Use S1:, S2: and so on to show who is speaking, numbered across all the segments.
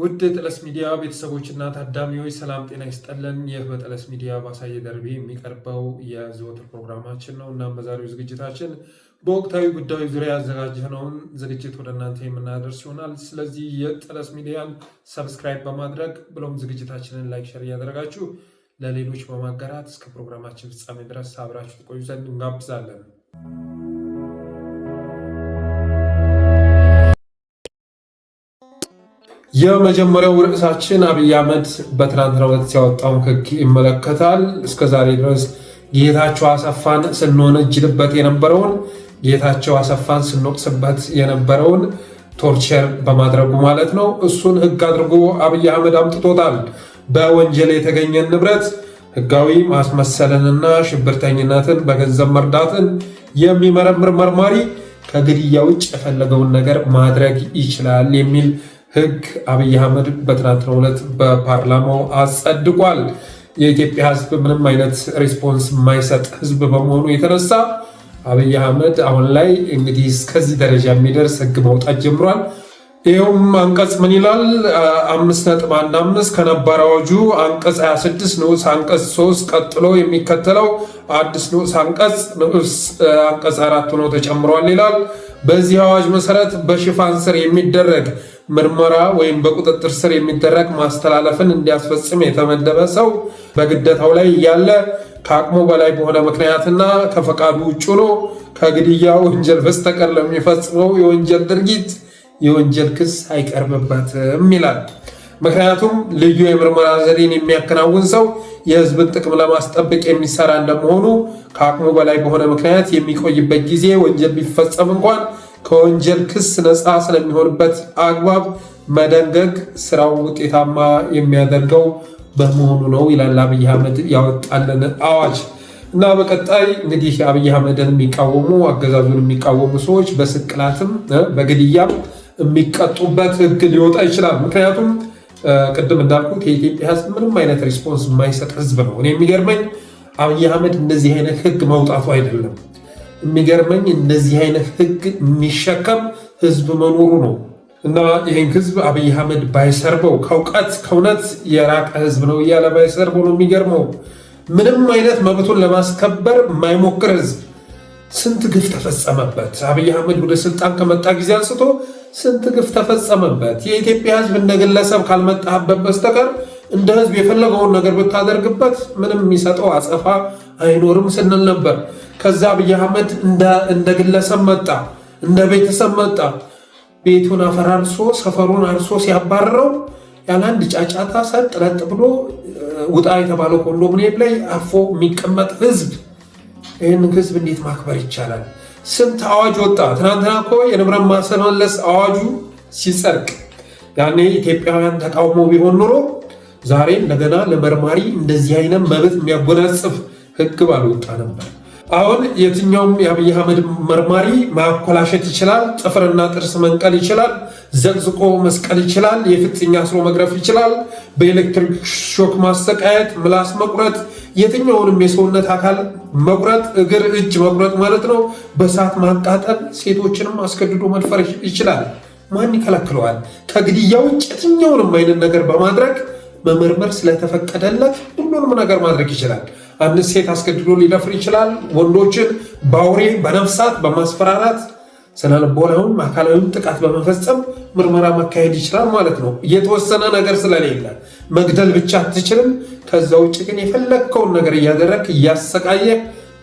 S1: ውድ ጠለስ ሚዲያ ቤተሰቦችና ታዳሚዎች ሰላም ጤና ይስጠለን። ይህ በጠለስ ሚዲያ ባሳየ ደርቢ የሚቀርበው የዘወትር ፕሮግራማችን ነው። እናም በዛሬው ዝግጅታችን በወቅታዊ ጉዳዮች ዙሪያ ያዘጋጀነውን ዝግጅት ወደ እናንተ የምናደርስ ይሆናል። ስለዚህ የጠለስ ሚዲያን ሰብስክራይብ በማድረግ ብሎም ዝግጅታችንን ላይክ፣ ሸር እያደረጋችሁ ለሌሎች በማጋራት እስከ ፕሮግራማችን ፍጻሜ ድረስ አብራችሁ ትቆዩ ዘንድ እንጋብዛለን። የመጀመሪያው ርዕሳችን አብይ አህመድ በትናንትናው ዕለት ሲያወጣውን ህግ ይመለከታል። እስከዛሬ ድረስ ጌታቸው አሰፋን ስንወነጅልበት የነበረውን ጌታቸው አሰፋን ስንወቅስበት የነበረውን ቶርቸር በማድረጉ ማለት ነው። እሱን ህግ አድርጎ አብይ አህመድ አምጥቶታል። በወንጀል የተገኘን ንብረት ህጋዊ ማስመሰልንና ሽብርተኝነትን በገንዘብ መርዳትን የሚመረምር መርማሪ ከግድያ ውጭ የፈለገውን ነገር ማድረግ ይችላል የሚል ህግ አብይ አህመድ በትናንትናው ዕለት በፓርላማው አጸድቋል። የኢትዮጵያ ህዝብ ምንም አይነት ሪስፖንስ የማይሰጥ ህዝብ በመሆኑ የተነሳ አብይ አህመድ አሁን ላይ እንግዲህ እስከዚህ ደረጃ የሚደርስ ህግ መውጣት ጀምሯል። ይኸውም አንቀጽ ምን ይላል? አምስት ነጥብ አንድ አምስት ከነባር አዋጁ አንቀጽ 26 ንዑስ አንቀጽ 3 ቀጥሎ የሚከተለው አዲስ ንዑስ አንቀጽ ንዑስ አንቀጽ አራት ሆኖ ተጨምሯል ይላል። በዚህ አዋጅ መሰረት በሽፋን ስር የሚደረግ ምርመራ ወይም በቁጥጥር ስር የሚደረግ ማስተላለፍን እንዲያስፈጽም የተመደበ ሰው በግደታው ላይ እያለ ከአቅሙ በላይ በሆነ ምክንያትና ከፈቃዱ ውጭ ሆኖ ከግድያ ወንጀል በስተቀር ለሚፈጽመው የወንጀል ድርጊት የወንጀል ክስ አይቀርብበትም ይላል። ምክንያቱም ልዩ የምርመራ ዘዴን የሚያከናውን ሰው የሕዝብን ጥቅም ለማስጠበቅ የሚሰራ እንደመሆኑ ከአቅሙ በላይ በሆነ ምክንያት የሚቆይበት ጊዜ ወንጀል ቢፈጸም እንኳን ከወንጀል ክስ ነፃ ስለሚሆንበት አግባብ መደንገግ ስራው ውጤታማ የሚያደርገው በመሆኑ ነው ይላል አብይ አህመድ ያወጣልን አዋጅ። እና በቀጣይ እንግዲህ አብይ አህመድን የሚቃወሙ አገዛዙን የሚቃወሙ ሰዎች በስቅላትም በግድያም የሚቀጡበት ህግ ሊወጣ ይችላል። ምክንያቱም ቅድም እንዳልኩት የኢትዮጵያ ህዝብ ምንም አይነት ሪስፖንስ የማይሰጥ ህዝብ ነው። እኔ የሚገርመኝ አብይ አህመድ እንደዚህ አይነት ህግ መውጣቱ አይደለም የሚገርመኝ እንደዚህ አይነት ህግ የሚሸከም ህዝብ መኖሩ ነው። እና ይህን ህዝብ አብይ አህመድ ባይሰርበው ከእውቀት ከእውነት የራቀ ህዝብ ነው እያለ ባይሰርበው ነው የሚገርመው። ምንም አይነት መብቱን ለማስከበር የማይሞክር ህዝብ ስንት ግፍ ተፈጸመበት። አብይ አህመድ ወደ ስልጣን ከመጣ ጊዜ አንስቶ ስንት ግፍ ተፈጸመበት። የኢትዮጵያ ህዝብ እንደ ግለሰብ ካልመጣህበት በስተቀር እንደ ህዝብ የፈለገውን ነገር ብታደርግበት ምንም የሚሰጠው አጸፋ አይኖርም ስንል ነበር። ከዛ አብይ አህመድ እንደ ግለሰብ መጣ፣ እንደ ቤተሰብ መጣ። ቤቱን አፈራርሶ ሰፈሩን አርሶ ሲያባረረው ያለ አንድ ጫጫታ ሰጥ ለጥ ብሎ ውጣ የተባለው ኮንዶሚኒየም ላይ አፎ የሚቀመጥ ህዝብ፣ ይህንን ህዝብ እንዴት ማክበር ይቻላል? ስንት አዋጅ ወጣ። ትናንትና እኮ የንብረት ማስመለስ አዋጁ ሲጸድቅ ያኔ ኢትዮጵያውያን ተቃውሞ ቢሆን ኑሮ ዛሬ እንደገና ለመርማሪ እንደዚህ አይነት መብት የሚያጎናጽፍ ህግ ባልወጣ ነበር። አሁን የትኛውም የአብይ አህመድ መርማሪ ማኮላሸት ይችላል፣ ጥፍርና ጥርስ መንቀል ይችላል፣ ዘቅዝቆ መስቀል ይችላል፣ የፍጥኛ አስሮ መግረፍ ይችላል፣ በኤሌክትሪክ ሾክ ማሰቃየት፣ ምላስ መቁረጥ፣ የትኛውንም የሰውነት አካል መቁረጥ፣ እግር፣ እጅ መቁረጥ ማለት ነው። በእሳት ማቃጠል፣ ሴቶችንም አስገድዶ መድፈር ይችላል። ማን ይከለክለዋል? ከግድያ ውጭ የትኛውንም አይነት ነገር በማድረግ መመርመር ስለተፈቀደለት ሁሉንም ነገር ማድረግ ይችላል። አንድ ሴት አስገድዶ ሊደፍር ይችላል። ወንዶችን በአውሬ በነፍሳት በማስፈራራት ስነ ልቦናዊም አካላዊም ጥቃት በመፈጸም ምርመራ መካሄድ ይችላል ማለት ነው። እየተወሰነ ነገር ስለሌለ መግደል ብቻ አትችልም። ከዛ ውጭ ግን የፈለግከውን ነገር እያደረግ እያሰቃየ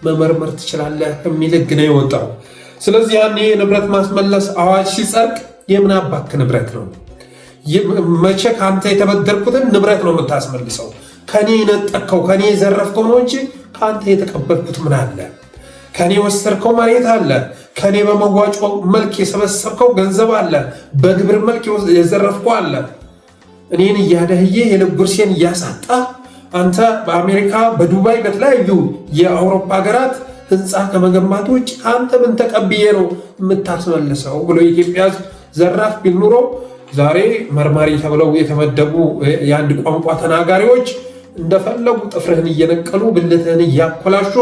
S1: መመርመር ትችላለህ የሚል ህግ ነው የወጣው። ስለዚህ ያኔ የንብረት ማስመለስ አዋጅ ሲጸድቅ የምን አባክ ንብረት ነው? መቼ ከአንተ የተበደርኩትን ንብረት ነው የምታስመልሰው? ከኔ የነጠቅከው ከኔ የዘረፍከው ነው እንጂ ከአንተ የተቀበልኩት ምን አለ? ከኔ ወሰድከው መሬት አለ። ከኔ በመዋጮ መልክ የሰበሰብከው ገንዘብ አለ። በግብር መልክ የዘረፍከው አለ። እኔን እያደህዬ የልብ እያሳጣ አንተ በአሜሪካ በዱባይ በተለያዩ የአውሮፓ ሀገራት ህንፃ ከመገንባት ውጭ አንተ ምን ተቀብዬ ነው የምታስመልሰው ብሎ የኢትዮጵያ ዘራፍ ቢል ኑሮ ዛሬ መርማሪ ተብለው የተመደቡ የአንድ ቋንቋ ተናጋሪዎች እንደፈለጉ ጥፍርህን እየነቀሉ ብልትህን እያኮላሾ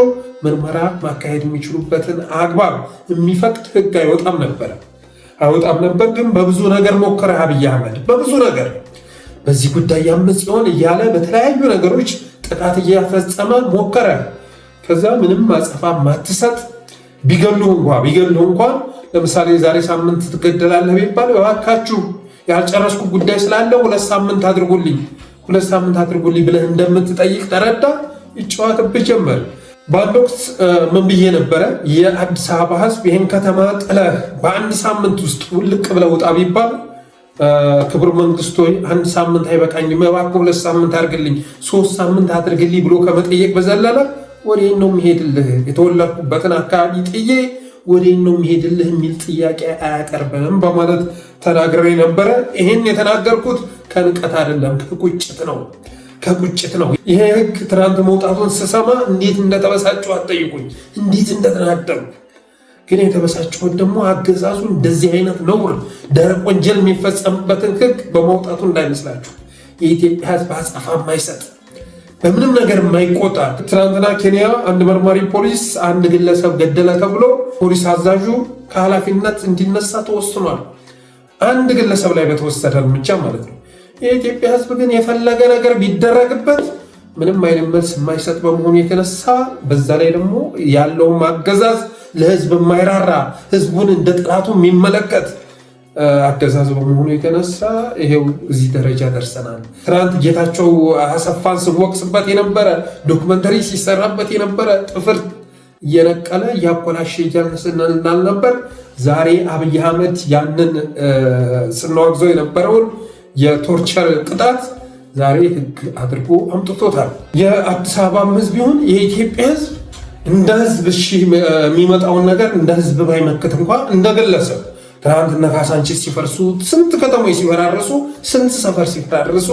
S1: ምርመራ ማካሄድ የሚችሉበትን አግባብ የሚፈቅድ ህግ አይወጣም ነበረ አይወጣም ነበር። ግን በብዙ ነገር ሞከረ አብይ አህመድ በብዙ ነገር በዚህ ጉዳይ ያምፅ ሲሆን እያለ በተለያዩ ነገሮች ጥቃት እያፈጸመ ሞከረ። ከዛ ምንም አጸፋ ማትሰጥ ቢገሉ እንኳ ቢገሉ እንኳን ለምሳሌ ዛሬ ሳምንት ትገደላለህ ቢባል እባካችሁ ያልጨረስኩ ጉዳይ ስላለ ሁለት ሳምንት አድርጉልኝ ሁለት ሳምንት አድርጉልኝ ብለህ እንደምትጠይቅ ተረዳ። ይጨዋትብህ ጀመር። በአንድ ወቅት ምን ብዬ ነበረ? የአዲስ አበባ ህዝብ ይህን ከተማ ጥለህ በአንድ ሳምንት ውስጥ ውልቅ ብለህ ውጣ ቢባል ክቡር መንግስት አንድ ሳምንት አይበቃኝ፣ እባክህ ሁለት ሳምንት አድርግልኝ፣ ሶስት ሳምንት አድርግልኝ ብሎ ከመጠየቅ በዘለለ ወዴት ነው የሚሄድልህ? የተወለድኩበትን አካባቢ ጥዬ ወዴት ነው የሚሄድልህ የሚል ጥያቄ አያቀርብም በማለት ተናግሬ ነበረ። ይህን የተናገርኩት ከንቀት አይደለም፣ ከቁጭት ነው ከቁጭት ነው። ይሄ ህግ ትናንት መውጣቱን ስሰማ እንዴት እንደተበሳጨሁ አትጠይቁኝ፣ እንዴት እንደተናደሩ ግን የተበሳጨሁት ደግሞ አገዛዙ እንደዚህ አይነት ነውር፣ ደረቅ ወንጀል የሚፈጸምበትን ህግ በመውጣቱ እንዳይመስላችሁ የኢትዮጵያ ህዝብ አጸፋ የማይሰጥ በምንም ነገር የማይቆጣ ትናንትና ኬንያ አንድ መርማሪ ፖሊስ አንድ ግለሰብ ገደለ ተብሎ ፖሊስ አዛዡ ከኃላፊነት እንዲነሳ ተወስኗል። አንድ ግለሰብ ላይ በተወሰደ እርምጃ ማለት ነው። የኢትዮጵያ ሕዝብ ግን የፈለገ ነገር ቢደረግበት ምንም አይነት መልስ የማይሰጥ በመሆኑ የተነሳ በዛ ላይ ደግሞ ያለውም አገዛዝ ለሕዝብ የማይራራ ሕዝቡን እንደ ጥራቱ የሚመለከት አገዛዝ በመሆኑ የተነሳ ይሄው እዚህ ደረጃ ደርሰናል። ትናንት ጌታቸው አሰፋን ስወቅስበት የነበረ ዶክመንተሪ ሲሰራበት የነበረ ጥፍር እየነቀለ እያኮላሸ እያነስን እንዳልነበር ዛሬ አብይ አህመድ ያንን ስናወግዘው የነበረውን የቶርቸር ቅጣት ዛሬ ህግ አድርጎ አምጥቶታል። የአዲስ አበባም ህዝብ ይሁን የኢትዮጵያ ህዝብ እንደ ህዝብ የሚመጣውን ነገር እንደ ህዝብ ባይመክት እንኳ እንደገለሰብ ትናንትና ካሳንቺስ ሲፈርሱ ስንት ከተሞች ሲፈራረሱ ስንት ሰፈር ሲፈራረሱ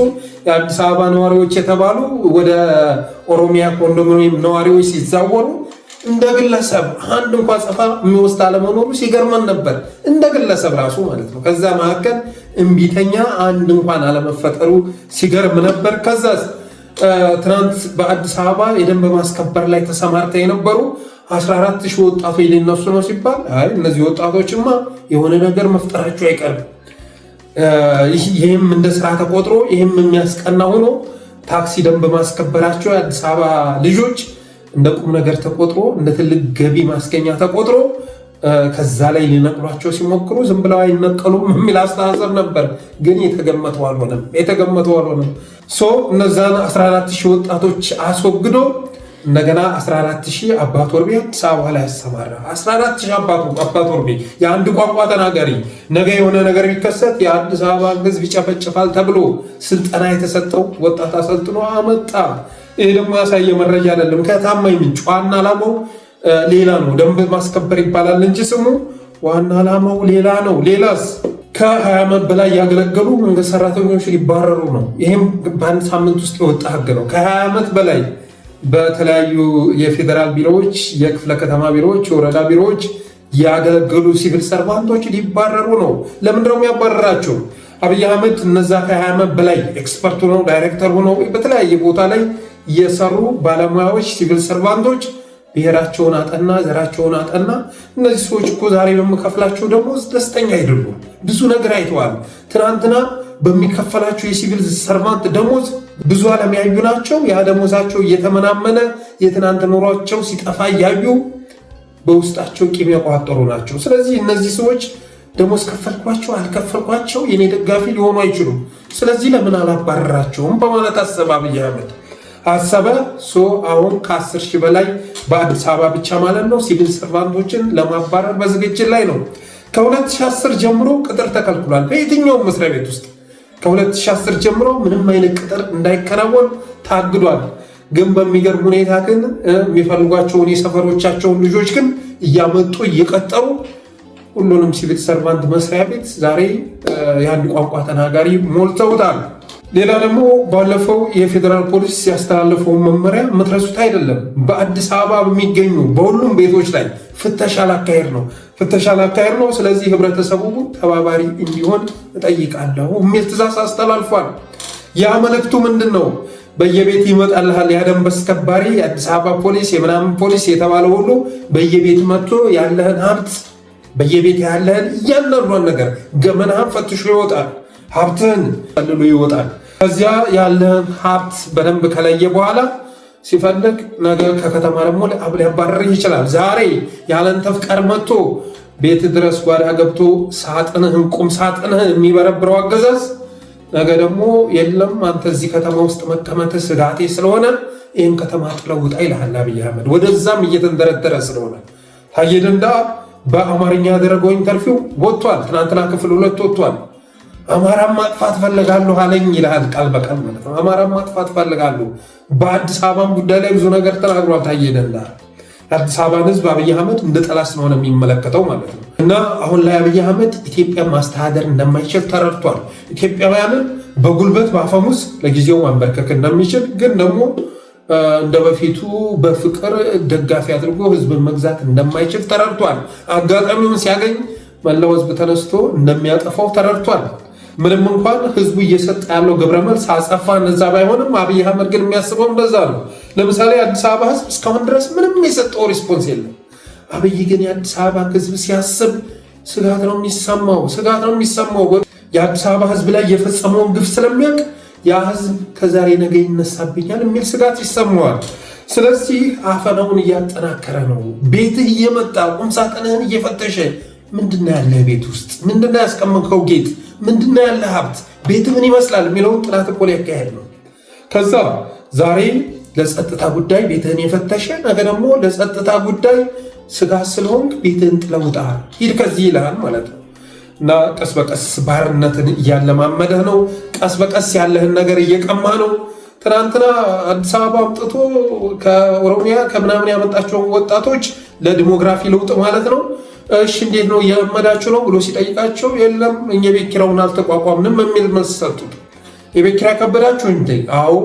S1: የአዲስ አበባ ነዋሪዎች የተባሉ ወደ ኦሮሚያ ኮንዶሚኒየም ነዋሪዎች ሲዛወሩ እንደ ግለሰብ አንድ እንኳ ፀፋ የሚወስድ አለመኖሩ ሲገርመን ነበር። እንደ ግለሰብ ራሱ ማለት ነው። ከዛ መካከል እምቢተኛ አንድ እንኳን አለመፈጠሩ ሲገርም ነበር። ከዛ ትናንት በአዲስ አበባ የደንብ ማስከበር ላይ ተሰማርተው የነበሩ 14 ሺህ ወጣቱ የሌነሱ ነው ሲባል አይ እነዚህ ወጣቶችማ የሆነ ነገር መፍጠራቸው አይቀርም። ይህም እንደ ስራ ተቆጥሮ ይህም የሚያስቀና ሆኖ ታክሲ ደንብ ማስከበራቸው የአዲስ አበባ ልጆች እንደ ቁም ነገር ተቆጥሮ እንደ ትልቅ ገቢ ማስገኛ ተቆጥሮ ከዛ ላይ ሊነቅሏቸው ሲሞክሩ ዝም ብለው አይነቀሉም የሚል አስተሳሰብ ነበር። ግን የተገመተው አልሆነም። የተገመተው አልሆነም። እነዛን 14 ሺህ ወጣቶች አስወግዶ እንደገና ሺህ አባት ወርቤ አዲስ አበባ ላይ ያሰማራ 14 አባት ወርቤ የአንድ ቋንቋ ተናጋሪ ነገ የሆነ ነገር ቢከሰት የአዲስ አበባ ሕዝብ ይጨፈጭፋል ተብሎ ስልጠና የተሰጠው ወጣት አሰልጥኖ አመጣ። ይሄ ደግሞ ያሳየ መረጃ አይደለም፣ ከታማኝ ምንጭ። ዋና አላማው ሌላ ነው። ደንብ ማስከበር ይባላል እንጂ ስሙ ዋና አላማው ሌላ ነው። ሌላስ ከሀያ ዓመት በላይ ያገለገሉ መንግስት ሰራተኞች ሊባረሩ ነው። ይህም በአንድ ሳምንት ውስጥ የወጣ ህግ ነው። ከሀያ ዓመት በላይ በተለያዩ የፌዴራል ቢሮዎች፣ የክፍለ ከተማ ቢሮዎች፣ የወረዳ ቢሮዎች ያገለገሉ ሲቪል ሰርቫንቶች ሊባረሩ ነው። ለምንድነው የሚያባረራቸው? አብይ አህመድ እነዛ ከሀያ ዓመት በላይ ኤክስፐርት ሆነው ዳይሬክተር ሆነው በተለያየ ቦታ ላይ የሰሩ ባለሙያዎች ሲቪል ሰርቫንቶች ብሔራቸውን አጠና፣ ዘራቸውን አጠና። እነዚህ ሰዎች እኮ ዛሬ በምከፍላቸው ደግሞ ደስተኛ አይደሉም። ብዙ ነገር አይተዋል። ትናንትና በሚከፈላቸው የሲቪል ሰርቫንት ደሞዝ ብዙ ዓለም ያዩ ናቸው። ያ ደሞዛቸው እየተመናመነ የትናንት ኑሯቸው ሲጠፋ እያዩ በውስጣቸው ቂም ያቋጠሩ ናቸው። ስለዚህ እነዚህ ሰዎች ደሞዝ ከፈልኳቸው አልከፈልኳቸው የኔ ደጋፊ ሊሆኑ አይችሉም። ስለዚህ ለምን አላባረራቸውም በማለት አሰበ አብይ አህመድ አሰበ። ሶ አሁን ከ10 ሺህ በላይ በአዲስ አበባ ብቻ ማለት ነው ሲቪል ሰርቫንቶችን ለማባረር በዝግጅት ላይ ነው። ከ2010 ጀምሮ ቅጥር ተከልክሏል በየትኛውም መስሪያ ቤት ውስጥ ከ2010 ጀምሮ ምንም አይነት ቅጥር እንዳይከናወን ታግዷል። ግን በሚገርም ሁኔታ ግን የሚፈልጓቸውን የሰፈሮቻቸውን ልጆች ግን እያመጡ እየቀጠሩ ሁሉንም ሲቪል ሰርቫንት መስሪያ ቤት ዛሬ የአንድ ቋንቋ ተናጋሪ ሞልተውታል። ሌላ ደግሞ ባለፈው የፌዴራል ፖሊስ ያስተላለፈውን መመሪያ መትረሱት አይደለም። በአዲስ አበባ በሚገኙ በሁሉም ቤቶች ላይ ፍተሻ ላካሄድ ነው ፍተሻ ላካሄድ ነው። ስለዚህ ህብረተሰቡ ተባባሪ እንዲሆን እጠይቃለሁ የሚል ትእዛዝ አስተላልፏል። ያ መልእክቱ ምንድን ነው? በየቤት ይመጣልሃል የደንብ አስከባሪ የአዲስ አበባ ፖሊስ የምናምን ፖሊስ የተባለ ሁሉ በየቤት መጥቶ ያለህን ሀብት በየቤት ያለህን እያንዳንዷን ነገር ገመናህን ፈትሾ ይወጣል። ሀብትን ቀልሎ ይወጣል። ከዚያ ያለህን ሀብት በደንብ ከለየ በኋላ ሲፈልግ ነገ ከከተማ ደግሞ ሊያባረርህ ይችላል። ዛሬ ያለን ተፍቃድ መጥቶ ቤት ድረስ ጓዳ ገብቶ ሳጥንህን ቁም ሳጥንህን የሚበረብረው አገዛዝ ነገ ደግሞ የለም አንተ እዚህ ከተማ ውስጥ መቀመጥህ ስጋቴ ስለሆነ ይህን ከተማ ጥለውጣ ውጣ ይልሃል አብይ አህመድ። ወደዛም እየተንደረደረ ስለሆነ ታየ ደንደአ በአማርኛ ያደረገው ኢንተርቪው ወጥቷል። ትናንትና ክፍል ሁለት ወጥቷል። አማራን ማጥፋት ፈልጋሉ አለኝ ይልሃል። ቃል በቃል ማለት ነው። አማራን ማጥፋት ፈልጋሉ። በአዲስ አበባም ጉዳይ ላይ ብዙ ነገር ተናግሯል። ታየደና አዲስ አበባን ህዝብ አብይ አህመድ እንደ ጠላት ስለሆነ የሚመለከተው ማለት ነው። እና አሁን ላይ አብይ አህመድ ኢትዮጵያ ማስተዳደር እንደማይችል ተረድቷል። ኢትዮጵያውያንን በጉልበት በአፈሙስ ለጊዜው ማንበርከክ እንደሚችል ግን ደግሞ እንደ በፊቱ በፍቅር ደጋፊ አድርጎ ህዝብን መግዛት እንደማይችል ተረድቷል። አጋጣሚውን ሲያገኝ መላው ህዝብ ተነስቶ እንደሚያጠፋው ተረድቷል። ምንም እንኳን ህዝቡ እየሰጠ ያለው ግብረ መልስ አጸፋ እነዛ ባይሆንም አብይ አህመድ ግን የሚያስበው እንደዛ ነው። ለምሳሌ አዲስ አበባ ህዝብ እስካሁን ድረስ ምንም የሰጠው ሪስፖንስ የለም። አብይ ግን የአዲስ አበባ ህዝብ ሲያስብ ስጋት ነው የሚሰማው፣ ስጋት ነው የሚሰማው የአዲስ አበባ ህዝብ ላይ የፈጸመውን ግፍ ስለሚያውቅ ያ ህዝብ ከዛሬ ነገ ይነሳብኛል የሚል ስጋት ይሰማዋል። ስለዚህ አፈናውን እያጠናከረ ነው። ቤትህ እየመጣ ቁምሳጥንህን እየፈተሸ ምንድነው ያለ ቤት ውስጥ ምንድነው ያስቀመጥከው ጌጥ ምንድነው ያለ ሀብት ቤት ምን ይመስላል የሚለውን ጥናት እኮ ሊያካሄድ ነው። ከዛ ዛሬ ለጸጥታ ጉዳይ ቤትህን የፈተሸ ነገ ደግሞ ለጸጥታ ጉዳይ ስጋ ስለሆንክ ቤትህን ጥለህ ሂድ ከዚህ ይልሃል ማለት ነው። እና ቀስ በቀስ ባርነትን እያለማመደህ ነው። ቀስ በቀስ ያለህን ነገር እየቀማ ነው። ትናንትና አዲስ አበባ አምጥቶ ከኦሮሚያ ከምናምን ያመጣቸውን ወጣቶች ለዲሞግራፊ ለውጥ ማለት ነው እሺ እንዴት ነው እያመዳችሁ ነው ብሎ ሲጠይቃቸው የለም እኛ የቤት ኪራውን አልተቋቋምንም የሚል መልስ ሰጡት። የቤት ኪራይ ከበዳችሁ እንዴ? አዎ።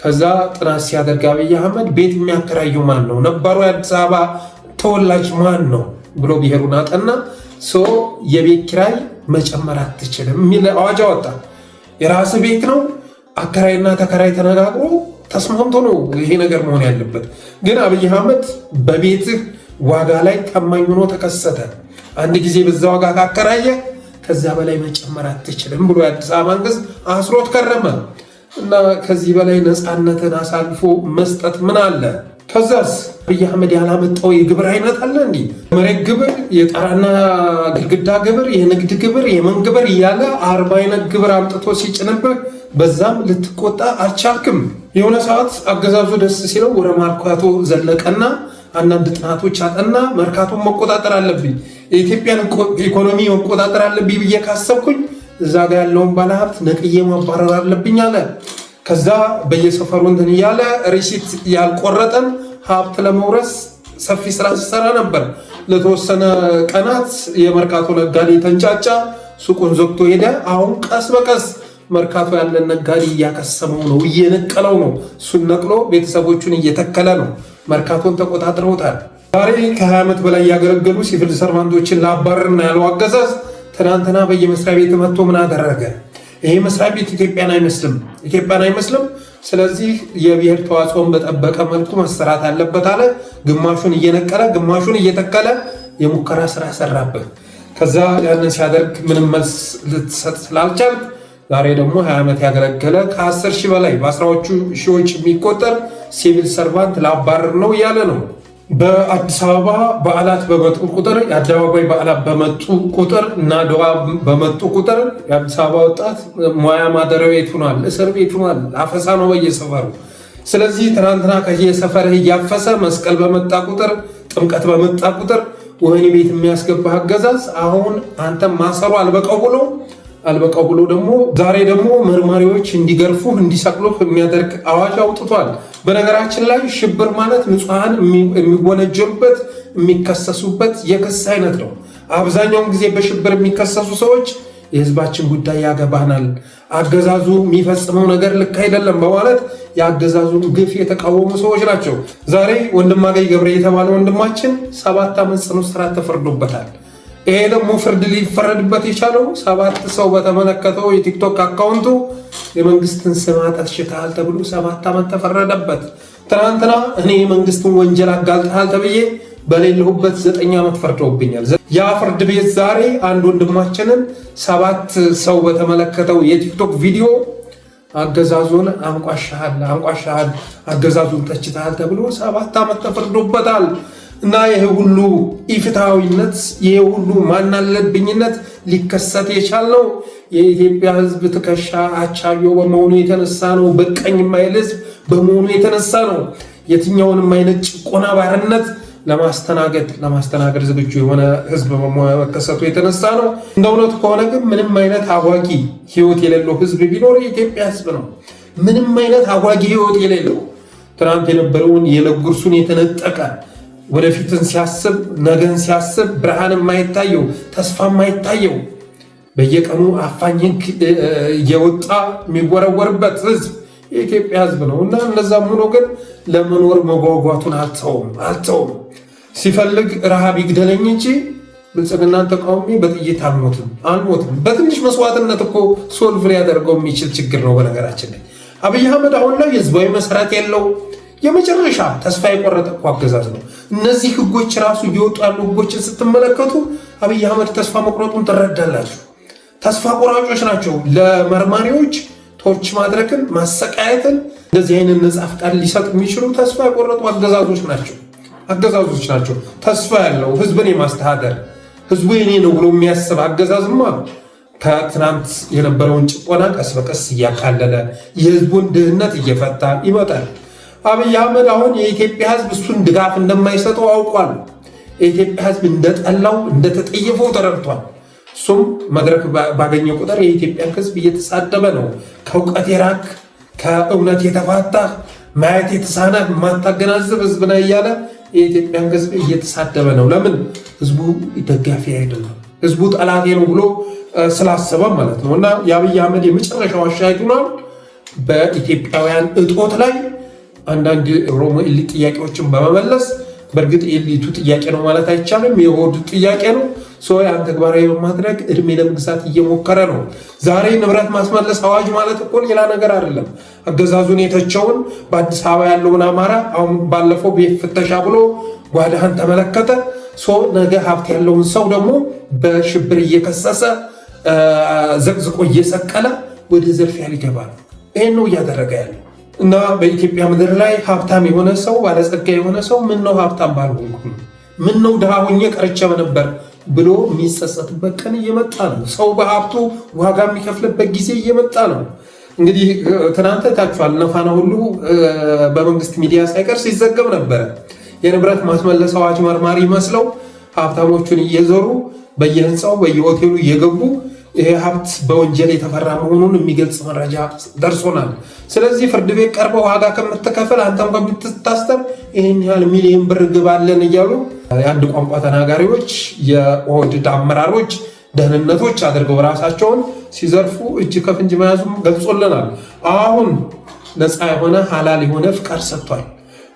S1: ከዛ ጥናት ሲያደርግ አብይ አህመድ ቤት የሚያከራየው ማን ነው? ነባሩ የአዲስ አበባ ተወላጅ ማን ነው ብሎ ብሔሩን አጠና። የቤት ኪራይ መጨመር አትችልም የሚል አዋጅ አወጣ። የራስ ቤት ነው አከራይና ተከራይ ተነጋግሮ ተስማምቶ ነው ይሄ ነገር መሆን ያለበት። ግን አብይ አህመድ በቤትህ ዋጋ ላይ ቀማኝ ሆኖ ተከሰተ። አንድ ጊዜ በዛ ዋጋ ካከራየ ከዛ በላይ መጨመር አትችልም ብሎ የአዲስ አበባ መንግስት አስሮት ከረመ እና ከዚህ በላይ ነፃነትን አሳልፎ መስጠት ምን አለ? ከዛስ አብይ አህመድ ያላመጣው የግብር አይነት አለ እንዲ መሬት ግብር፣ የጣራና ግድግዳ ግብር፣ የንግድ ግብር፣ የምን ግብር እያለ አርባ አይነት ግብር አምጥቶ ሲጭንበት በዛም ልትቆጣ አልቻልክም። የሆነ ሰዓት አገዛዙ ደስ ሲለው ወደ ማርኳቶ ዘለቀና አንዳንድ ጥናቶች አጠና መርካቶን መቆጣጠር አለብኝ፣ የኢትዮጵያን ኢኮኖሚ መቆጣጠር አለብኝ ብዬ ካሰብኩኝ እዛ ጋር ያለውን ባለሀብት ነቅዬ ማባረር አለብኝ አለ። ከዛ በየሰፈሩ እንትን እያለ ሪሲት ያልቆረጠን ሀብት ለመውረስ ሰፊ ስራ ሲሰራ ነበር። ለተወሰነ ቀናት የመርካቶ ነጋዴ ተንጫጫ፣ ሱቁን ዘግቶ ሄደ። አሁን ቀስ በቀስ መርካቶ ያለን ነጋዴ እያከሰመው ነው፣ እየነቀለው ነው። እሱን ነቅሎ ቤተሰቦቹን እየተከለ ነው። መርካቶን ተቆጣጥረውታል። ዛሬ ከ20 ዓመት በላይ ያገለገሉ ሲቪል ሰርቫንቶችን ላባረርና ያለው አገዛዝ ትናንትና በየመስሪያ ቤት መጥቶ ምን አደረገ? ይሄ መስሪያ ቤት ኢትዮጵያን አይመስልም፣ ኢትዮጵያን አይመስልም። ስለዚህ የብሔር ተዋጽኦን በጠበቀ መልኩ መሰራት አለበት አለ። ግማሹን እየነቀለ ግማሹን እየተከለ የሙከራ ስራ ሰራበት። ከዛ ያንን ሲያደርግ ምንም መልስ ልትሰጥ ስላልቻል ዛሬ ደግሞ 20 ዓመት ያገለገለ ከ10 ሺህ በላይ በአስራዎቹ ሺዎች የሚቆጠር ሲቪል ሰርቫንት ላባረር ነው እያለ ነው። በአዲስ አበባ በዓላት በመጡ ቁጥር የአደባባይ በዓላት በመጡ ቁጥር እና ድዋ በመጡ ቁጥር የአዲስ አበባ ወጣት ሙያ ማደሪያ ቤት ሆኗል፣ እስር ቤት ሆኗል። አፈሳ ነው በየሰፈሩ። ስለዚህ ትናንትና ከየሰፈርህ እያፈሰ መስቀል በመጣ ቁጥር፣ ጥምቀት በመጣ ቁጥር ወህኒ ቤት የሚያስገባ አገዛዝ አሁን አንተም ማሰሩ አልበቀው ብሎ አልበቀው ብሎ ደግሞ ዛሬ ደግሞ መርማሪዎች እንዲገርፉህ እንዲሰቅሉህ የሚያደርግ አዋጅ አውጥቷል። በነገራችን ላይ ሽብር ማለት ንጹሐን የሚወነጀሉበት የሚከሰሱበት የክስ አይነት ነው። አብዛኛውን ጊዜ በሽብር የሚከሰሱ ሰዎች የህዝባችን ጉዳይ ያገባናል፣ አገዛዙ የሚፈጽመው ነገር ልክ አይደለም በማለት የአገዛዙን ግፍ የተቃወሙ ሰዎች ናቸው። ዛሬ ወንድማገኝ ገብረ የተባለ ወንድማችን ሰባት ዓመት ጽኑ እስራት ተፈርዶበታል። ይሄ ደግሞ ፍርድ ሊፈረድበት የቻለው ሰባት ሰው በተመለከተው የቲክቶክ አካውንቱ የመንግስትን ስም አጠፍተሃል ተብሎ ሰባት ዓመት ተፈረደበት። ትናንትና እኔ የመንግስትን ወንጀል አጋልጠሃል ተብዬ በሌለሁበት ዘጠኝ ዓመት ፈርዶብኛል። ያ ፍርድ ቤት ዛሬ አንድ ወንድማችንን ሰባት ሰው በተመለከተው የቲክቶክ ቪዲዮ አገዛዙን አንቋሻሃል፣ አንቋሻሃል፣ አገዛዙን ተችተሃል ተብሎ ሰባት ዓመት ተፈርዶበታል። እና ይሄ ሁሉ ኢፍትሐዊነት ይህ ሁሉ ማናለብኝነት ሊከሰት የቻልነው። የኢትዮጵያ ሕዝብ ትከሻ አቻዮ በመሆኑ የተነሳ ነው። በቀኝ የማይል ሕዝብ በመሆኑ የተነሳ ነው። የትኛውንም አይነት ጭቆና፣ ባርነት ለማስተናገድ ለማስተናገድ ዝግጁ የሆነ ሕዝብ በመከሰቱ የተነሳ ነው። እንደ እውነቱ ከሆነ ግን ምንም አይነት አጓጊ ሕይወት የሌለው ሕዝብ ቢኖር የኢትዮጵያ ሕዝብ ነው። ምንም አይነት አጓጊ ሕይወት የሌለው ትናንት የነበረውን የለጉርሱን የተነጠቀ ወደፊትን ሲያስብ ነገን ሲያስብ ብርሃን የማይታየው ተስፋ የማይታየው በየቀኑ አፋኝ የወጣ እየወጣ የሚወረወርበት ህዝብ የኢትዮጵያ ህዝብ ነው እና እነዛም ሆኖ ግን ለመኖር መጓጓቱን አልተውም አልተውም። ሲፈልግ ረሃብ ይግደለኝ እንጂ ብልጽግናን ተቃዋሚ በጥይት አልሞትም አልሞትም። በትንሽ መስዋዕትነት እኮ ሶልቭ ሊያደርገው የሚችል ችግር ነው። በነገራችን ላይ አብይ አህመድ አሁን ላይ ህዝባዊ መሰረት የለው የመጨረሻ ተስፋ የቆረጠ እኮ አገዛዝ ነው። እነዚህ ህጎች ራሱ እየወጡ ያሉ ህጎችን ስትመለከቱ አብይ አህመድ ተስፋ መቁረጡን ትረዳላችሁ። ተስፋ ቆራጮች ናቸው። ለመርማሪዎች ቶርች ማድረግን፣ ማሰቃየትን እንደዚህ አይነት ነጻ ፍቃድ ሊሰጥ የሚችሉ ተስፋ የቆረጡ አገዛዞች ናቸው አገዛዞች ናቸው። ተስፋ ያለው ህዝብን የማስተዳደር ህዝቡ የኔ ነው ብሎ የሚያስብ አገዛዝማ ከትናንት የነበረውን ጭቆና ቀስ በቀስ እያቃለለ የህዝቡን ድህነት እየፈታ ይመጣል። አብይ አህመድ አሁን የኢትዮጵያ ህዝብ እሱን ድጋፍ እንደማይሰጠው አውቋል። የኢትዮጵያ ህዝብ እንደጠላው እንደተጠየፈው ተረድቷል። እሱም መድረክ ባገኘ ቁጥር የኢትዮጵያ ህዝብ እየተሳደበ ነው። ከእውቀት የራክ ከእውነት የተፋታ ማየት የተሳነ የማታገናዘብ ህዝብ ነው እያለ የኢትዮጵያን ህዝብ እየተሳደበ ነው። ለምን ህዝቡ ደጋፊ አይደለም፣ ህዝቡ ጠላቴ ነው ብሎ ስላሰበ ማለት ነው። እና የአብይ አህመድ የመጨረሻው አሻይቱናል በኢትዮጵያውያን እጦት ላይ አንዳንድ ኦሮሞ ኢሊት ጥያቄዎችን በመመለስ በእርግጥ ኢሊቱ ጥያቄ ነው ማለት አይቻልም፣ የሆዱ ጥያቄ ነው። ሰው ያን ተግባራዊ በማድረግ እድሜ ለመግዛት እየሞከረ ነው። ዛሬ ንብረት ማስመለስ አዋጅ ማለት እኮ ሌላ ነገር አይደለም። አገዛዙን የተቸውን በአዲስ አበባ ያለውን አማራ አሁን ባለፈው ቤት ፍተሻ ብሎ ጓዳህን ተመለከተ። ሶ ነገ ሀብት ያለውን ሰው ደግሞ በሽብር እየከሰሰ ዘቅዝቆ እየሰቀለ ወደ ዘርፊያ ሊገባ ነው። ይህን ነው እያደረገ ያለው። እና በኢትዮጵያ ምድር ላይ ሀብታም የሆነ ሰው ባለጸጋ የሆነ ሰው ምን ነው ሀብታም ባልሆንኩ ምን ነው ድሃ ሆኜ ቀርቼ ነበር ብሎ የሚጸጸትበት ቀን እየመጣ ነው። ሰው በሀብቱ ዋጋ የሚከፍልበት ጊዜ እየመጣ ነው። እንግዲህ ትናንት ታችኋል። ነፋና ሁሉ በመንግስት ሚዲያ ሳይቀር ሲዘገብ ነበረ። የንብረት ማስመለስ አዋጅ መርማሪ መስለው ሀብታሞቹን እየዞሩ በየህንፃው በየሆቴሉ እየገቡ ይሄ ሀብት በወንጀል የተፈራ መሆኑን የሚገልጽ መረጃ ደርሶናል። ስለዚህ ፍርድ ቤት ቀርበ ዋጋ ከምትከፍል አንተም ከምትታሰር ይህን ያህል ሚሊዮን ብር ግባለን እያሉ የአንድ ቋንቋ ተናጋሪዎች፣ የኦህዴድ አመራሮች፣ ደህንነቶች አድርገው ራሳቸውን ሲዘርፉ እጅ ከፍንጅ መያዙም ገልጾልናል። አሁን ነፃ የሆነ ሀላል የሆነ ፍቃድ ሰጥቷል።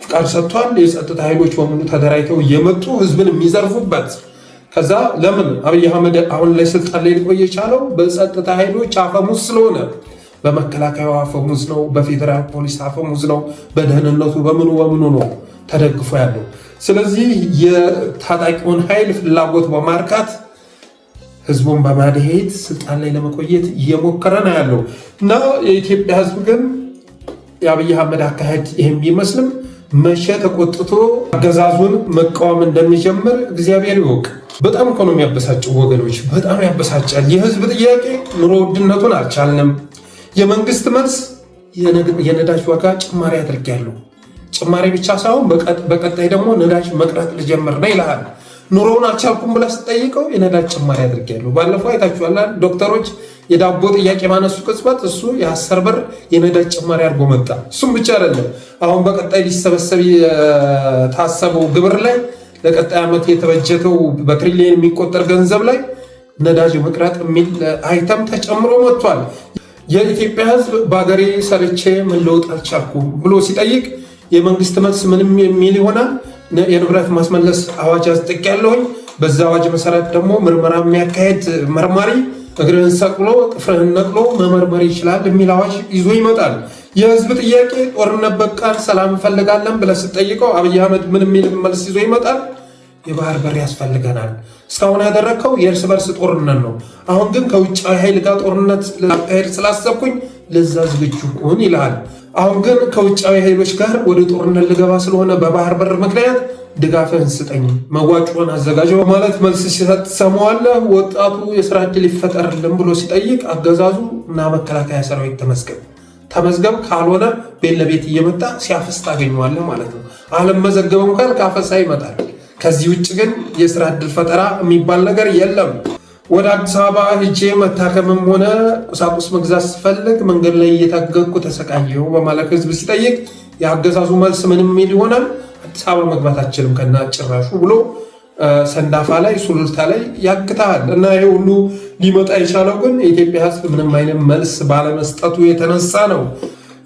S1: ፍቃድ ሰጥቷል። የጸጥታ ኃይሎች በሙሉ ተደራጅተው የመጡ ህዝብን የሚዘርፉበት ከዛ ለምን አብይ አህመድ አሁን ላይ ስልጣን ላይ ሊቆይ የቻለው በጸጥታ ኃይሎች አፈሙዝ ስለሆነ በመከላከያው አፈሙዝ ነው፣ በፌዴራል ፖሊስ አፈሙዝ ነው፣ በደህንነቱ በምኑ በምኑ ነው ተደግፎ ያለው። ስለዚህ የታጣቂውን ኃይል ፍላጎት በማርካት ህዝቡን በማድሄት ስልጣን ላይ ለመቆየት እየሞከረ ነው ያለው እና የኢትዮጵያ ህዝብ ግን የአብይ አህመድ አካሄድ ይህም ቢመስልም መቼ ተቆጥቶ አገዛዙን መቃወም እንደሚጀምር እግዚአብሔር ይወቅ። በጣም እኮ ነው ወገኖች፣ በጣም ያበሳጫል። የህዝብ ጥያቄ ኑሮ ውድነቱን አልቻልንም። የመንግስት መልስ የነዳጅ ዋጋ ጭማሪ አድርጊያለሁ፣ ጭማሪ ብቻ ሳይሆን በቀጣይ ደግሞ ነዳጅ መቅረት ልጀምር ነው ይልሃል። ኑሮውን አልቻልኩም ብላ ስጠይቀው የነዳጅ ጭማሪ አድርጊያለሁ። ባለፈው አይታችኋል። ዶክተሮች የዳቦ ጥያቄ ማነሱ ቅጽበት እሱ የአስር ብር የነዳጅ ጭማሪ አድርጎ መጣ። እሱም ብቻ አይደለም፣ አሁን በቀጣይ ሊሰበሰብ የታሰበው ግብር ላይ ለቀጣይ ዓመት የተበጀተው በትሪሊየን የሚቆጠር ገንዘብ ላይ ነዳጅ መቅረጥ የሚል አይተም ተጨምሮ መጥቷል። የኢትዮጵያ ሕዝብ በሀገሬ ሰርቼ ምን ለውጥ አልቻልኩም ብሎ ሲጠይቅ የመንግስት መልስ ምንም የሚል ይሆናል። የንብረት ማስመለስ አዋጅ አስጠቅ ያለሁኝ በዛ አዋጅ መሰረት ደግሞ ምርመራ የሚያካሄድ መርማሪ እግርህን ሰቅሎ ጥፍርህን ነቅሎ መመርመር ይችላል የሚል አዋጅ ይዞ ይመጣል። የህዝብ ጥያቄ ጦርነት በቃን፣ ሰላም እንፈልጋለን ብለህ ስትጠይቀው አብይ አህመድ ምን የሚል መልስ ይዞ ይመጣል? የባህር በር ያስፈልገናል። እስካሁን ያደረግከው የእርስ በርስ ጦርነት ነው። አሁን ግን ከውጫዊ ኃይል ጋር ጦርነት ላካሄድ ስላሰብኩኝ ለዛ ዝግጁ ሁን ይልሃል። አሁን ግን ከውጫዊ ኃይሎች ጋር ወደ ጦርነት ልገባ ስለሆነ በባህር በር ምክንያት ድጋፍህን ስጠኝ፣ መዋጮን አዘጋጀው በማለት መልስ ሲሰጥ ሰማዋለህ። ወጣቱ የስራ እድል ይፈጠርልን ብሎ ሲጠይቅ አገዛዙ እና መከላከያ ሰራዊት ተመዝገብ ተመዝገብ፣ ካልሆነ ቤት ለቤት እየመጣ ሲያፈስ ታገኘዋለህ ማለት ነው። አለመዘገብም ካል ካፈሳ ይመጣል። ከዚህ ውጭ ግን የስራ እድል ፈጠራ የሚባል ነገር የለም። ወደ አዲስ አበባ ሄጄ መታከምም ሆነ ቁሳቁስ መግዛት ስፈልግ መንገድ ላይ እየታገኩ ተሰቃየሁ በማለት ህዝብ ሲጠይቅ የአገዛዙ መልስ ምንም የሚል ይሆናል፣ አዲስ አበባ መግባት አችልም ከና ጭራሹ ብሎ ሰንዳፋ ላይ ሱሉልታ ላይ ያግታል። እና ይሄ ሁሉ ሊመጣ የቻለው ግን የኢትዮጵያ ህዝብ ምንም አይነት መልስ ባለመስጠቱ የተነሳ ነው።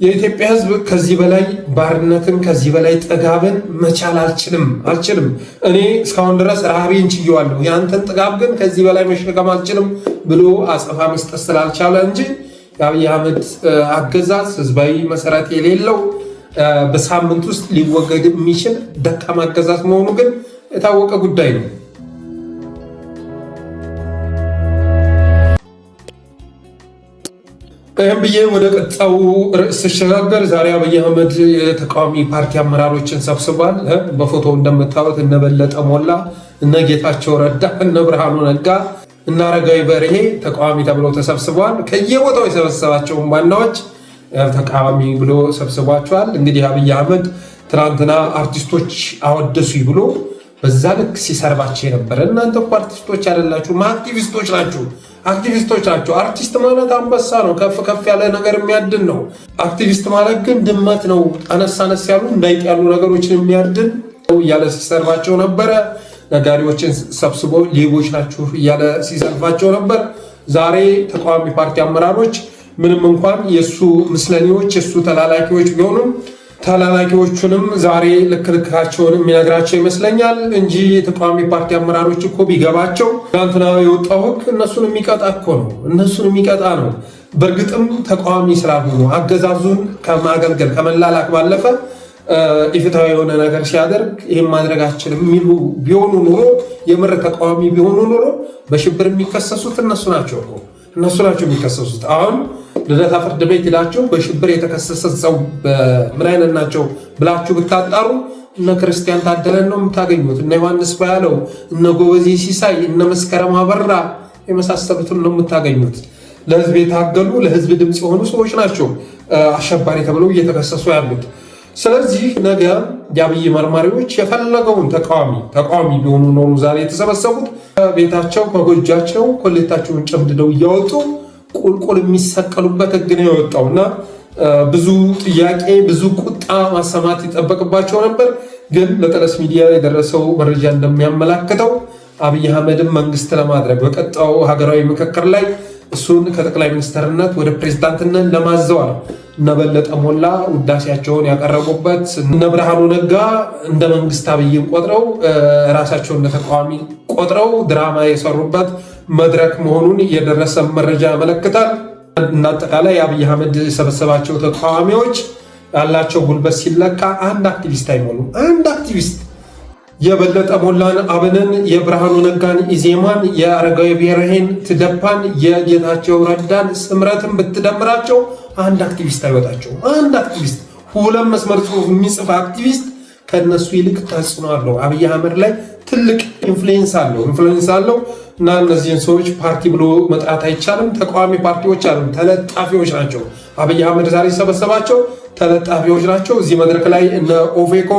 S1: የኢትዮጵያ ሕዝብ ከዚህ በላይ ባርነትን ከዚህ በላይ ጥጋብን መቻል አልችልም አልችልም። እኔ እስካሁን ድረስ ረሃቤን ችየዋለሁ፣ የአንተን ጥጋብ ግን ከዚህ በላይ መሸከም አልችልም ብሎ አጸፋ መስጠት ስላልቻለ እንጂ የአብይ አህመድ አገዛዝ ህዝባዊ መሰረት የሌለው በሳምንት ውስጥ ሊወገድ የሚችል ደካማ አገዛዝ መሆኑ ግን የታወቀ ጉዳይ ነው። ይህም ብዬ ወደ ቀጣው ርዕስ ስሸጋገር ዛሬ አብይ አህመድ የተቃዋሚ ፓርቲ አመራሮችን ሰብስቧል። በፎቶ እንደምታዩት እነበለጠ ሞላ፣ እነ ጌታቸው ረዳ፣ እነ ብርሃኑ ነጋ እና አረጋዊ በርሄ ተቃዋሚ ተብለው ተሰብስቧል። ከየቦታው የሰበሰባቸውን ዋናዎች ተቃዋሚ ብሎ ሰብስቧቸዋል። እንግዲህ አብይ አህመድ ትናንትና አርቲስቶች አወደሱ ብሎ በዛ ልክ ሲሰርባቸው የነበረ እናንተ እኮ አርቲስቶች አይደላችሁም፣ አክቲቪስቶች ናችሁ። አክቲቪስቶች ናቸው። አርቲስት ማለት አንበሳ ነው፣ ከፍ ከፍ ያለ ነገር የሚያድን ነው። አክቲቪስት ማለት ግን ድመት ነው፣ አነስ አነስ ያሉ እንዳይጥ ያሉ ነገሮችን የሚያድን እያለ ሲሰርባቸው ነበረ። ነጋዴዎችን ሰብስቦ ሌቦች ናችሁ እያለ ሲሰርባቸው ነበር። ዛሬ ተቃዋሚ ፓርቲ አመራሮች ምንም እንኳን የእሱ ምስለኔዎች የእሱ ተላላኪዎች ቢሆኑም ተላላኪዎቹንም ዛሬ ልክልካቸውን የሚነግራቸው ይመስለኛል እንጂ የተቃዋሚ ፓርቲ አመራሮች እኮ ቢገባቸው ትናንትና የወጣው ሕግ እነሱን የሚቀጣ እኮ ነው። እነሱን የሚቀጣ ነው። በእርግጥም ተቃዋሚ ስላልሆኑ አገዛዙን ከማገልገል ከመላላክ ባለፈ ኢፍትሐዊ የሆነ ነገር ሲያደርግ ይህም ማድረግ አችልም የሚሉ ቢሆኑ ኑሮ የምር ተቃዋሚ ቢሆኑ ኑሮ በሽብር የሚከሰሱት እነሱ ናቸው እነሱ ናቸው የሚከሰሱት አሁን ልደታ ፍርድ ቤት ሄዳችሁ በሽብር የተከሰሰ ሰው ምን አይነት ናቸው ብላችሁ ብታጣሩ እነ ክርስቲያን ታደለን ነው የምታገኙት። እነ ዮሐንስ ባያለው፣ እነ ጎበዜ ሲሳይ፣ እነ መስከረም አበራ የመሳሰሉትን ነው የምታገኙት። ለህዝብ የታገሉ ለህዝብ ድምፅ የሆኑ ሰዎች ናቸው አሸባሪ ተብለው እየተከሰሱ ያሉት። ስለዚህ ነገ የአብይ መርማሪዎች የፈለገውን ተቃዋሚ ተቃዋሚ ቢሆኑ ኖሩ ዛሬ የተሰበሰቡት ቤታቸው ከጎጃቸው ኮሌታቸውን ጨምድደው እያወጡ ቁልቁል የሚሰቀሉበት ህግ ነው የወጣው እና ብዙ ጥያቄ ብዙ ቁጣ ማሰማት ይጠበቅባቸው ነበር። ግን ለጠለስ ሚዲያ የደረሰው መረጃ እንደሚያመላክተው አብይ አህመድን መንግስት ለማድረግ በቀጣው ሀገራዊ ምክክር ላይ እሱን ከጠቅላይ ሚኒስትርነት ወደ ፕሬዝዳንትነት ለማዘዋል እነ በለጠ ሞላ ውዳሴያቸውን ያቀረቡበት፣ እነ ብርሃኑ ነጋ እንደ መንግስት አብይን ቆጥረው ራሳቸውን እንደ ተቃዋሚ ቆጥረው ድራማ የሰሩበት መድረክ መሆኑን የደረሰ መረጃ ያመለክታል። እና አጠቃላይ የአብይ አህመድ የሰበሰባቸው ተቃዋሚዎች ያላቸው ጉልበት ሲለካ አንድ አክቲቪስት አይሞሉም። አንድ አክቲቪስት የበለጠ ሞላን አብንን፣ የብርሃኑ ነጋን ኢዜማን፣ የአረጋዊ ብሔርሄን፣ ትደፓን፣ የጌታቸው ረዳን ስምረትን ብትደምራቸው አንድ አክቲቪስት አይወጣቸውም። አንድ አክቲቪስት ሁለት መስመር ጽሑፍ የሚጽፍ አክቲቪስት ከእነሱ ይልቅ ተጽዕኖ አለው። አብይ አህመድ ላይ ትልቅ ኢንፍሉዌንስ አለው ኢንፍሉዌንስ አለው። እና እነዚህን ሰዎች ፓርቲ ብሎ መጥራት አይቻልም። ተቃዋሚ ፓርቲዎች አሉ፣ ተለጣፊዎች ናቸው። አብይ አህመድ ዛሬ ሲሰበሰባቸው ተለጣፊዎች ናቸው። እዚህ መድረክ ላይ እነ ኦፌኮ፣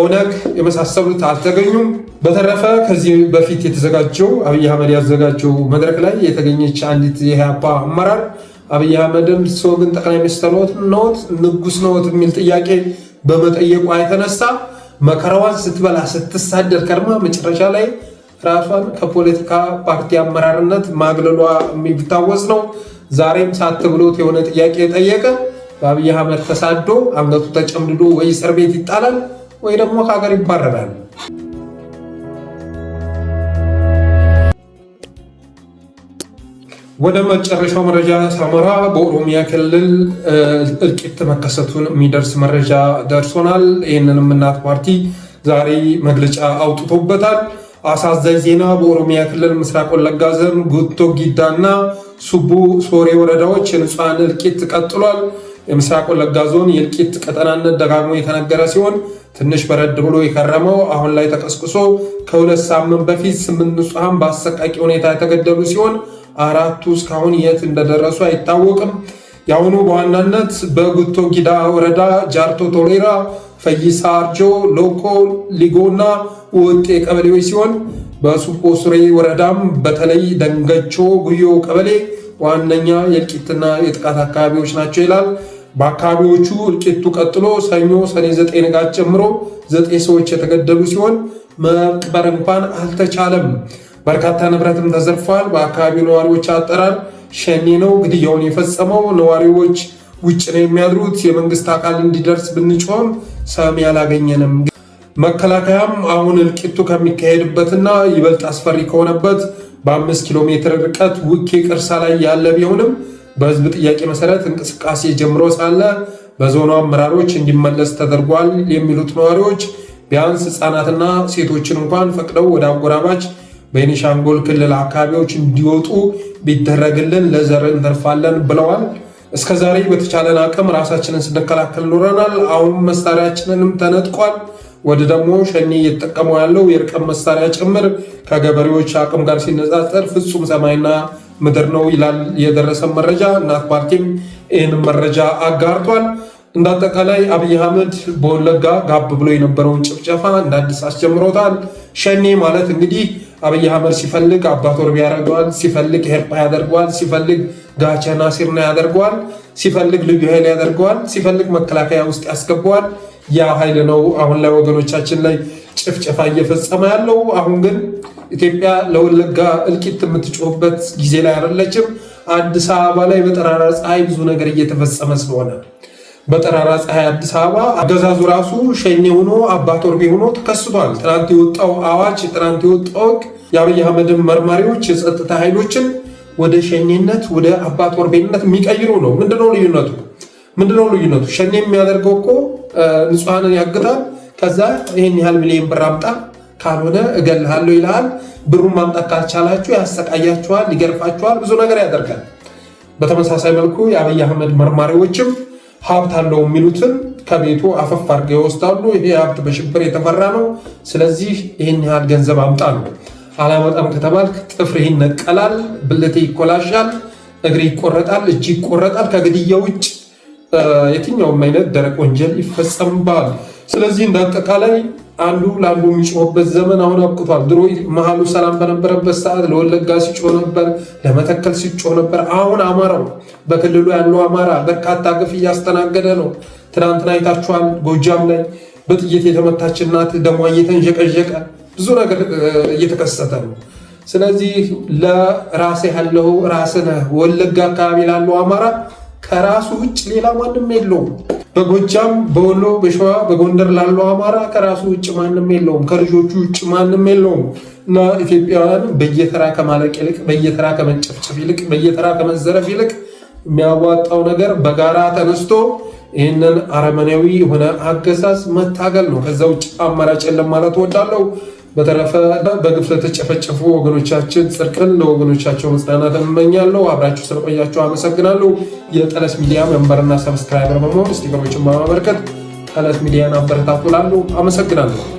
S1: ኦነግ የመሳሰሉት አልተገኙም። በተረፈ ከዚህ በፊት የተዘጋጀው አብይ አህመድ ያዘጋጀው መድረክ ላይ የተገኘች አንዲት የኢህአፓ አመራር አብይ አህመድን ሰው ግን ጠቅላይ ሚኒስትር ነዎት ንጉስ ነዎት የሚል ጥያቄ በመጠየቋ የተነሳ መከራዋን ስትበላ ስትሳደድ ከርማ መጨረሻ ላይ ራሷን ከፖለቲካ ፓርቲ አመራርነት ማግለሏ የሚታወስ ነው። ዛሬም ሳት ብሎት የሆነ ጥያቄ የጠየቀ በአብይ አህመድ ተሳዶ አንገቱ ተጨምድዶ ወይ እስር ቤት ይጣላል ወይ ደግሞ ከሀገር ይባረራል። ወደ መጨረሻው መረጃ ሳመራ በኦሮሚያ ክልል እልቂት መከሰቱን የሚደርስ መረጃ ደርሶናል። ይህንንም እናት ፓርቲ ዛሬ መግለጫ አውጥቶበታል። አሳዛኝ ዜና በኦሮሚያ ክልል ምስራቅ ወለጋ ዞን ጉቶ ጊዳ እና ሱቡ ሶሬ ወረዳዎች የንጹሐን እልቂት ቀጥሏል። የምስራቅ ወለጋ ዞን የእልቂት ቀጠናነት ደጋግሞ የተነገረ ሲሆን ትንሽ በረድ ብሎ የከረመው አሁን ላይ ተቀስቅሶ ከሁለት ሳምንት በፊት ስምንት ንጹሐን በአሰቃቂ ሁኔታ የተገደሉ ሲሆን አራቱ እስካሁን የት እንደደረሱ አይታወቅም። የአሁኑ በዋናነት በጉቶ ጊዳ ወረዳ ጃርቶ ቶሌራ ፈይሳ አርጆ፣ ሎኮ ሊጎና ውጤ ቀበሌዎች ሲሆን በሱቆ ሱሬ ወረዳም በተለይ ደንገቾ ጉዮ ቀበሌ ዋነኛ የእልቂትና የጥቃት አካባቢዎች ናቸው ይላል። በአካባቢዎቹ እልቂቱ ቀጥሎ ሰኞ ሰኔ ዘጠኝ ንጋት ጨምሮ ዘጠኝ ሰዎች የተገደሉ ሲሆን መቅበር እንኳን አልተቻለም። በርካታ ንብረትም ተዘርፏል። በአካባቢው ነዋሪዎች አጠራር ሸኔ ነው ግድያውን የፈጸመው ነዋሪዎች ውጭ ነው የሚያድሩት። የመንግስት አካል እንዲደርስ ብንጮህም ሰሚ አላገኘንም። መከላከያም አሁን እልቂቱ ከሚካሄድበትና ይበልጥ አስፈሪ ከሆነበት በአምስት ኪሎ ሜትር ርቀት ውኬ ቅርሳ ላይ ያለ ቢሆንም በህዝብ ጥያቄ መሰረት እንቅስቃሴ ጀምሮ ሳለ በዞኑ አመራሮች እንዲመለስ ተደርጓል የሚሉት ነዋሪዎች ቢያንስ ህፃናትና ሴቶችን እንኳን ፈቅደው ወደ አጎራባች በቤኒሻንጉል ክልል አካባቢዎች እንዲወጡ ቢደረግልን ለዘር እንተርፋለን ብለዋል። እስከ ዛሬ በተቻለን አቅም ራሳችንን ስንከላከል ኖረናል። አሁን መሳሪያችንንም ተነጥቋል። ወደ ደግሞ ሸኔ እየተጠቀመው ያለው የርቀት መሳሪያ ጭምር ከገበሬዎች አቅም ጋር ሲነጻጸር ፍጹም ሰማይና ምድር ነው ይላል የደረሰ መረጃ። እናት ፓርቲም ይህንን መረጃ አጋርቷል። እንደ አጠቃላይ አብይ አህመድ በወለጋ ጋብ ብሎ የነበረውን ጭፍጨፋ እንደ አዲስ አስጀምሮታል። ሸኔ ማለት እንግዲህ አብይ አህመድ ሲፈልግ አባቶርቢ ያደርገዋል፣ ሲፈልግ ሄርጳ ያደርገዋል፣ ሲፈልግ ጋቸና ሲርና ያደርገዋል፣ ሲፈልግ ልዩ ኃይል ያደርገዋል፣ ሲፈልግ መከላከያ ውስጥ ያስገባዋል። ያ ኃይል ነው አሁን ላይ ወገኖቻችን ላይ ጭፍጨፋ እየፈጸመ ያለው። አሁን ግን ኢትዮጵያ ለወለጋ እልቂት የምትጮህበት ጊዜ ላይ አይደለችም። አዲስ አበባ ላይ በጠራራ ፀሐይ ብዙ ነገር እየተፈጸመ ስለሆነ በጠራራ ፀሐይ አዲስ አበባ አገዛዙ ራሱ ሸኔ ሆኖ አባቶርቤ ሆኖ ተከስቷል። ትናንት የወጣው አዋጅ፣ ትናንት የወጣው የአብይ አህመድን መርማሪዎች የጸጥታ ኃይሎችን ወደ ሸኔነት ወደ አባቶርቤነት የሚቀይሩ ነው። ምንድነው ልዩነቱ? ምንድነው ልዩነቱ? ሸኔ የሚያደርገው እኮ ንጹሐንን ያግታል። ከዛ ይህን ያህል ሚሊዮን ብር አምጣ ካልሆነ እገልሃለሁ ይልሃል። ብሩን ማምጣት ካልቻላችሁ ያሰቃያችኋል፣ ይገርፋችኋል፣ ብዙ ነገር ያደርጋል። በተመሳሳይ መልኩ የአብይ አህመድ መርማሪዎችም ሀብት አለው የሚሉትን ከቤቱ አፈፍ አድርገው ይወስዳሉ። ይሄ ሀብት በሽብር የተፈራ ነው፣ ስለዚህ ይህን ያህል ገንዘብ አምጣ ነው። አላመጣም ከተባልክ ጥፍርህ ይነቀላል፣ ብልት ይኮላሻል፣ እግር ይቆረጣል፣ እጅ ይቆረጣል። ከግድያ ውጭ የትኛውም አይነት ደረቅ ወንጀል ይፈጸምባል። ስለዚህ እንዳጠቃላይ አንዱ ለአንዱ የሚጮህበት ዘመን አሁን አብቅቷል። ድሮ መሀሉ ሰላም በነበረበት ሰዓት ለወለጋ ሲጮህ ነበር፣ ለመተከል ሲጮህ ነበር። አሁን አማራው በክልሉ ያለው አማራ በርካታ ግፍ እያስተናገደ ነው። ትናንትና አይታችኋል። ጎጃም ላይ በጥይት የተመታች እናት ደሟ እየተንዠቀዠቀ ብዙ ነገር እየተከሰተ ነው። ስለዚህ ለራሴ ያለው ራስነህ ወለጋ አካባቢ ላለው አማራ ከራሱ ውጭ ሌላ ማንም የለውም። በጎጃም፣ በወሎ፣ በሸዋ፣ በጎንደር ላለው አማራ ከራሱ ውጭ ማንም የለውም። ከልጆቹ ውጭ ማንም የለውም እና ኢትዮጵያውያን በየተራ ከማለቅ ይልቅ በየተራ ከመጨፍጨፍ ይልቅ በየተራ ከመዘረፍ ይልቅ የሚያዋጣው ነገር በጋራ ተነስቶ ይህንን አረመኔያዊ የሆነ አገዛዝ መታገል ነው። ከዛ ውጭ አማራጭ የለም ማለት እወዳለሁ። በተረፈ በግፍ ለተጨፈጨፉ ወገኖቻችን ጽርቅን ለወገኖቻቸው መጽናናትን እመኛለሁ። አብራችሁ ስለቆያችሁ አመሰግናለሁ። የጠለስ ሚዲያ መንበርና ሰብስክራይበር በመሆን ስቲከሮችን በማበርከት ጠለስ ሚዲያን አበረታቱላሉ። አመሰግናለሁ።